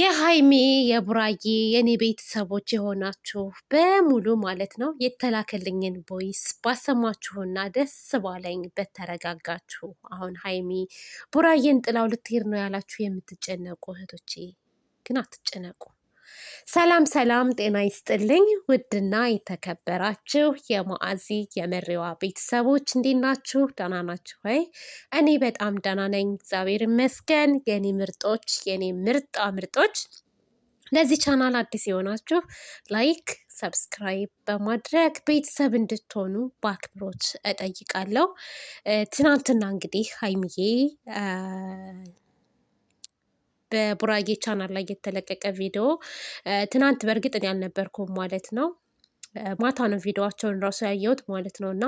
የሀይሚ የቡራዬ የኔ ቤተሰቦች የሆናችሁ በሙሉ ማለት ነው የተላከልኝን ቦይስ ባሰማችሁና ደስ ባለኝ በተረጋጋችሁ። አሁን ሀይሚ ቡራዬን ጥላው ልትሄድ ነው ያላችሁ የምትጨነቁ እህቶቼ ግን አትጨነቁ። ሰላም ሰላም፣ ጤና ይስጥልኝ ውድና የተከበራችሁ የማአዚ የመሪዋ ቤተሰቦች እንዴት ናችሁ? ደህና ናችሁ ወይ? እኔ በጣም ደህና ነኝ፣ እግዚአብሔር ይመስገን። የኔ ምርጦች፣ የኔ ምርጣ ምርጦች፣ ለዚህ ቻናል አዲስ የሆናችሁ ላይክ ሰብስክራይብ በማድረግ ቤተሰብ እንድትሆኑ በአክብሮት እጠይቃለሁ። ትናንትና እንግዲህ ሀይሚዬ በቡራጌ ቻናል ላይ የተለቀቀ ቪዲዮ ትናንት በእርግጥ እኔ አልነበርኩም ማለት ነው። ማታ ነው ቪዲዮቸውን ራሱ ያየሁት ማለት ነው እና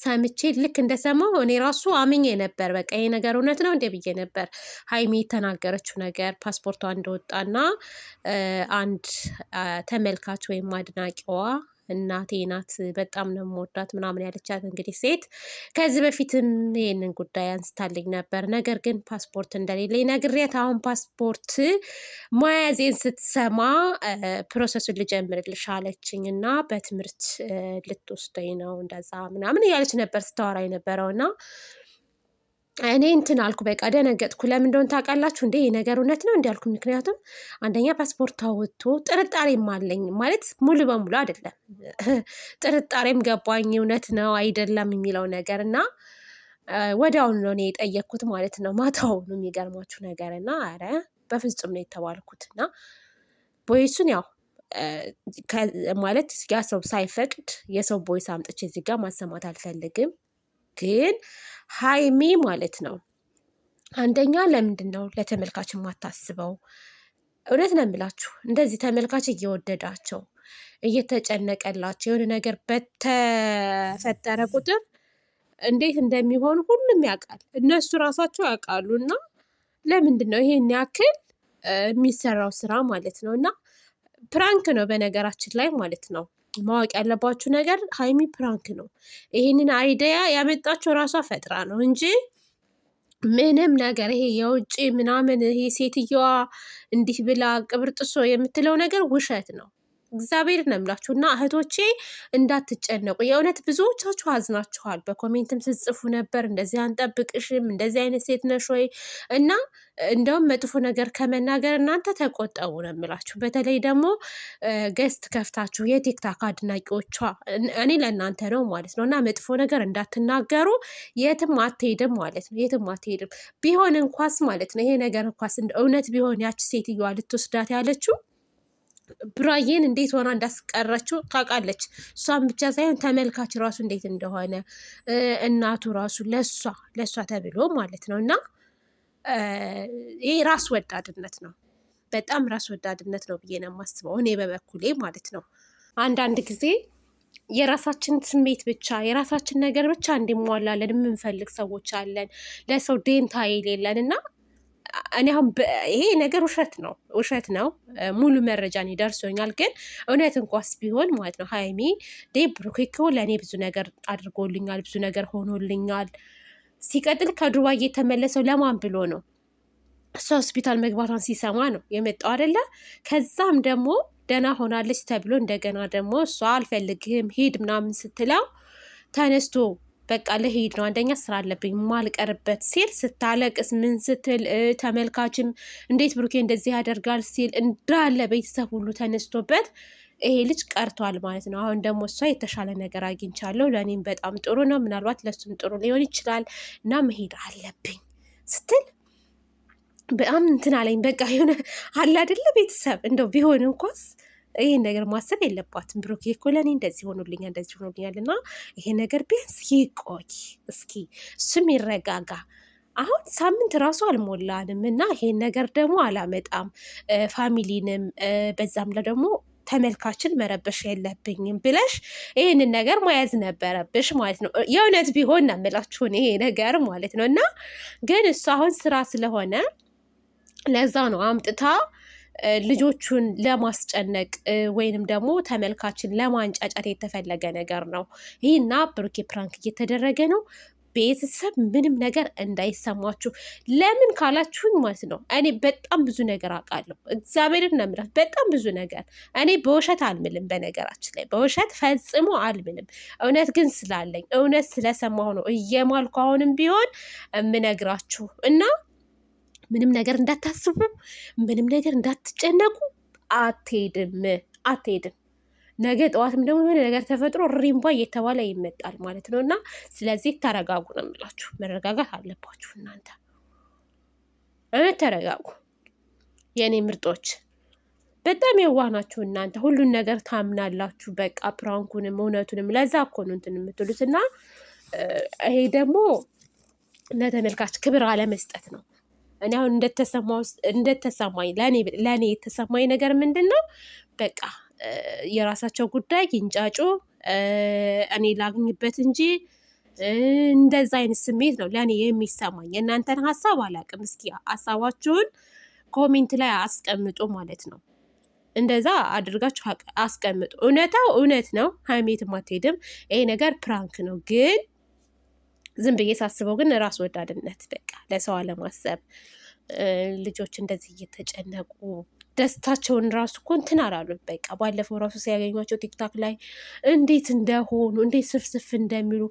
ሰምቼ ልክ እንደሰማው እኔ ራሱ አምኜ ነበር። በቃ ይሄ ነገር እውነት ነው እንዴ ብዬ ነበር። ሀይሚ የተናገረችው ነገር ፓስፖርቷ እንደወጣና አንድ ተመልካች ወይም አድናቂዋ እናቴ ናት፣ በጣም ነው የምወዳት ምናምን ያለቻት እንግዲህ ሴት ከዚህ በፊትም ይህንን ጉዳይ አንስታልኝ ነበር። ነገር ግን ፓስፖርት እንደሌለ ነግሬያት አሁን ፓስፖርት መያዜን ስትሰማ ፕሮሰሱን ልጀምርልሽ አለችኝ እና በትምህርት ልትወስደኝ ነው እንደዛ ምናምን እያለች ነበር ስታወራ የነበረው እና እኔ እንትን አልኩ፣ በቃ ደነገጥኩ። ለምን እንደሆነ ታውቃላችሁ እንዴ? የነገር እውነት ነው እንዲያልኩ። ምክንያቱም አንደኛ ፓስፖርት ታወጥቶ ጥርጣሬም አለኝ ማለት ሙሉ በሙሉ አይደለም፣ ጥርጣሬም ገባኝ፣ እውነት ነው አይደለም የሚለው ነገር እና ወዲያውኑ ነው እኔ የጠየቅኩት ማለት ነው፣ ማታውኑ። የሚገርማችሁ ነገር እና ኧረ በፍጹም ነው የተባልኩት እና ቦይሱን ያው ማለት ያ ሰው ሳይፈቅድ የሰው ቦይስ አምጥቼ እዚህ ጋር ማሰማት አልፈልግም ግን ሀይሚ ማለት ነው አንደኛ ለምንድን ነው ለተመልካች የማታስበው? እውነት ነው የምላችሁ እንደዚህ ተመልካች እየወደዳቸው እየተጨነቀላቸው የሆነ ነገር በተፈጠረ ቁጥር እንዴት እንደሚሆን ሁሉም ያውቃል፣ እነሱ ራሳቸው ያውቃሉ። እና ለምንድን ነው ይሄን ያክል የሚሰራው ስራ ማለት ነው? እና ፕራንክ ነው በነገራችን ላይ ማለት ነው። ማወቅ ያለባችሁ ነገር ሀይሚ ፕራንክ ነው። ይህንን አይዲያ ያመጣችው ራሷ ፈጥራ ነው እንጂ ምንም ነገር ይሄ የውጭ ምናምን ይሄ ሴትየዋ እንዲህ ብላ ቅብርጥሶ የምትለው ነገር ውሸት ነው። እግዚአብሔር ነው የምላችሁ እና እህቶቼ እንዳትጨነቁ። የእውነት ብዙዎቻችሁ አዝናችኋል። በኮሜንትም ስጽፉ ነበር እንደዚህ አንጠብቅሽም፣ እንደዚህ አይነት ሴት ነሽ ወይ እና እንደውም መጥፎ ነገር ከመናገር እናንተ ተቆጠቡ ነው የምላችሁ። በተለይ ደግሞ ገስት ከፍታችሁ የቲክታክ አድናቂዎቿ እኔ ለእናንተ ነው ማለት ነው እና መጥፎ ነገር እንዳትናገሩ። የትም አትሄድም ማለት ነው፣ የትም አትሄድም ቢሆን እንኳስ ማለት ነው። ይሄ ነገር እንኳስ እውነት ቢሆን ያች ሴትዮዋ ልትወስዳት ያለችው ቡራዬን እንዴት ሆና እንዳስቀረችው ታውቃለች። እሷን ብቻ ሳይሆን ተመልካች ራሱ እንዴት እንደሆነ እናቱ ራሱ ለሷ ለሷ ተብሎ ማለት ነው። እና ይህ ራስ ወዳድነት ነው፣ በጣም ራስ ወዳድነት ነው ብዬ ነው የማስበው እኔ በበኩሌ ማለት ነው። አንዳንድ ጊዜ የራሳችን ስሜት ብቻ የራሳችን ነገር ብቻ እንዲሟላለን የምንፈልግ ሰዎች አለን፣ ለሰው ደንታ የሌለን እና እኔ አሁን ይሄ ነገር ውሸት ነው ውሸት ነው ሙሉ መረጃ እኔ ደርሶኛል። ግን እውነት እንኳስ ቢሆን ማለት ነው ሀይሚ ዴ ብሩኬ ለእኔ ብዙ ነገር አድርጎልኛል፣ ብዙ ነገር ሆኖልኛል። ሲቀጥል ከዱባይ የተመለሰው ለማን ብሎ ነው? እሷ ሆስፒታል መግባቷን ሲሰማ ነው የመጣው አይደለ? ከዛም ደግሞ ደህና ሆናለች ተብሎ እንደገና ደግሞ እሷ አልፈልግህም ሂድ ምናምን ስትለው ተነስቶ በቃ ልሄድ ነው፣ አንደኛ ስራ አለብኝ ማልቀርበት ሲል ስታለቅስ ምን ስትል ተመልካችም እንዴት ብሩኬ እንደዚህ ያደርጋል ሲል እንዳለ ቤተሰብ ሁሉ ተነስቶበት ይሄ ልጅ ቀርቷል ማለት ነው። አሁን ደግሞ እሷ የተሻለ ነገር አግኝቻለሁ፣ ለእኔም በጣም ጥሩ ነው፣ ምናልባት ለሱም ጥሩ ሊሆን ይችላል እና መሄድ አለብኝ ስትል በጣም እንትን አለኝ። በቃ የሆነ አለ አይደለ ቤተሰብ እንደው ቢሆን እንኳስ ይሄን ነገር ማሰብ የለባትም። ብሩኬ እኮ ለእኔ እንደዚህ ሆኖልኛል፣ እንደዚህ ሆኖልኛል እና ይሄ ነገር ቢያንስ ይቆይ እስኪ እሱም ይረጋጋ። አሁን ሳምንት ራሱ አልሞላንም እና ይሄን ነገር ደግሞ አላመጣም ፋሚሊንም በዛም ላይ ደግሞ ተመልካችን መረበሽ የለብኝም ብለሽ ይህንን ነገር መያዝ ነበረብሽ ማለት ነው። የእውነት ቢሆን ነው ይሄ ነገር ማለት ነው እና ግን እሱ አሁን ስራ ስለሆነ ለዛ ነው አምጥታ ልጆቹን ለማስጨነቅ ወይንም ደግሞ ተመልካችን ለማንጫጫት የተፈለገ ነገር ነው ይህ ይህና ብሩኬ ፕራንክ እየተደረገ ነው። ቤተሰብ ምንም ነገር እንዳይሰማችሁ። ለምን ካላችሁኝ ማለት ነው እኔ በጣም ብዙ ነገር አውቃለሁ። እግዚአብሔርን ነው የምላችሁ፣ በጣም ብዙ ነገር እኔ በውሸት አልምልም። በነገራችን ላይ በውሸት ፈጽሞ አልምልም። እውነት ግን ስላለኝ እውነት ስለሰማሁ ነው እየማልኩ አሁንም ቢሆን የምነግራችሁ እና ምንም ነገር እንዳታስቡ፣ ምንም ነገር እንዳትጨነቁ። አትሄድም አትሄድም። ነገ ጠዋትም ደግሞ የሆነ ነገር ተፈጥሮ ሪምባ እየተባለ ይመጣል ማለት ነው። እና ስለዚህ ተረጋጉ ነው የምላችሁ። መረጋጋት አለባችሁ እናንተ እውነት ተረጋጉ የእኔ ምርጦች። በጣም የዋህ ናችሁ እናንተ። ሁሉን ነገር ታምናላችሁ። በቃ ፕራንኩንም እውነቱንም ለዛ እኮ ነው እንትን የምትሉት እና ይሄ ደግሞ ለተመልካች ክብር አለመስጠት ነው። እኔ አሁን እንደተሰማኝ ለእኔ የተሰማኝ ነገር ምንድን ነው በቃ የራሳቸው ጉዳይ ይንጫጩ፣ እኔ ላግኝበት እንጂ እንደዛ አይነት ስሜት ነው ለእኔ የሚሰማኝ። የእናንተን ሀሳብ አላውቅም። እስኪ ሀሳባችሁን ኮሜንት ላይ አስቀምጡ ማለት ነው። እንደዛ አድርጋችሁ አስቀምጡ። እውነታው እውነት ነው። ሀይሜት አትሄድም። ይሄ ነገር ፕራንክ ነው ግን ዝም ብዬ ሳስበው ግን ራስ ወዳድነት በቃ ለሰው አለማሰብ ልጆች እንደዚህ እየተጨነቁ ደስታቸውን ራሱ እኮ እንትን በቃ ባለፈው ራሱ ሲያገኟቸው ቲክታክ ላይ እንዴት እንደሆኑ እንዴት ስፍስፍ እንደሚሉ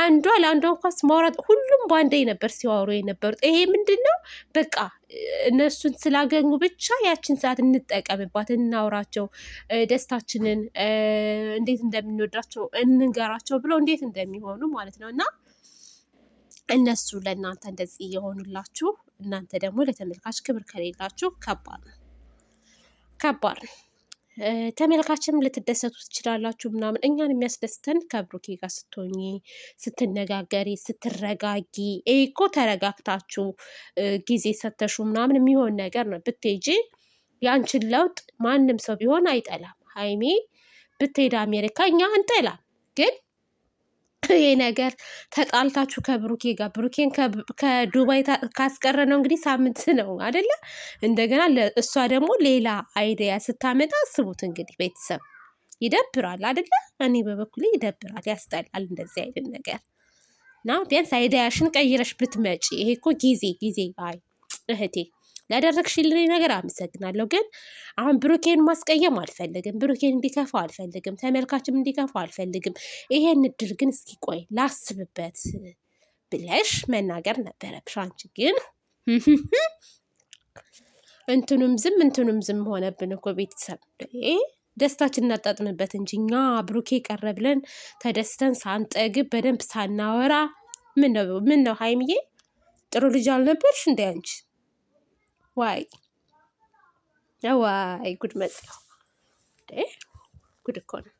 አንዷ ለአንዷ እንኳስ ማውራት ሁሉም በአንዴ ነበር ሲዋሩ የነበሩት። ይሄ ምንድን ነው? በቃ እነሱን ስላገኙ ብቻ ያችን ሰዓት እንጠቀምባት፣ እናውራቸው፣ ደስታችንን እንዴት እንደምንወዳቸው እንንገራቸው ብለው እንዴት እንደሚሆኑ ማለት ነው እና እነሱ ለእናንተ እንደዚህ እየሆኑላችሁ እናንተ ደግሞ ለተመልካች ክብር ከሌላችሁ ከባድ ነው፣ ከባድ ነው። ተመልካችም ልትደሰቱ ትችላላችሁ ምናምን። እኛን የሚያስደስተን ከብሩኬ ጋር ስትሆኚ፣ ስትነጋገሪ፣ ስትረጋጊ ይሄ እኮ ተረጋግታችሁ ጊዜ ሰተሹ ምናምን የሚሆን ነገር ነው። ብትሄጂ ያንችን ለውጥ ማንም ሰው ቢሆን አይጠላም። ሀይሜ ብትሄድ አሜሪካ እኛ አንጠላም ግን ይሄ ነገር ተጣልታችሁ ከብሩኬ ጋር ብሩኬን ከዱባይ ካስቀረ ነው እንግዲህ ሳምንት ነው አደለ? እንደገና እሷ ደግሞ ሌላ አይዲያ ስታመጣ አስቡት እንግዲህ ቤተሰብ ይደብራል አደለ? እኔ በበኩሌ ይደብራል፣ ያስጠላል እንደዚህ አይነት ነገር እና ቢያንስ አይዲያሽን ቀይረሽ ብትመጪ። ይሄ እኮ ጊዜ ጊዜ አይ እህቴ ላደረግሽልኝ ነገር አመሰግናለሁ። ግን አሁን ብሩኬን ማስቀየም አልፈልግም። ብሩኬን እንዲከፋ አልፈልግም። ተመልካችም እንዲከፋ አልፈልግም። ይሄን እድል ግን እስኪ ቆይ ላስብበት ብለሽ መናገር ነበረብሽ። አንቺ ግን እንትኑም ዝም እንትኑም ዝም ሆነብን እኮ ቤተሰብ ደስታችን እናጣጥምበት እንጂ እኛ ብሩኬ ቀረ ብለን ተደስተን ሳንጠግብ በደንብ ሳናወራ ምን ነው ሀይምዬ ጥሩ ልጅ አልነበርሽ እንደ አንቺ ዋይ ዋይ ጉድ መጽ ጉድ እኮ ነው።